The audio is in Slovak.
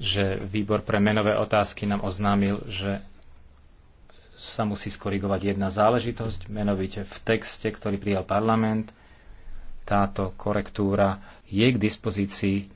že výbor pre menové otázky nám oznámil, že sa musí skorigovať jedna záležitosť, menovite v texte, ktorý prijal parlament. Táto korektúra je k dispozícii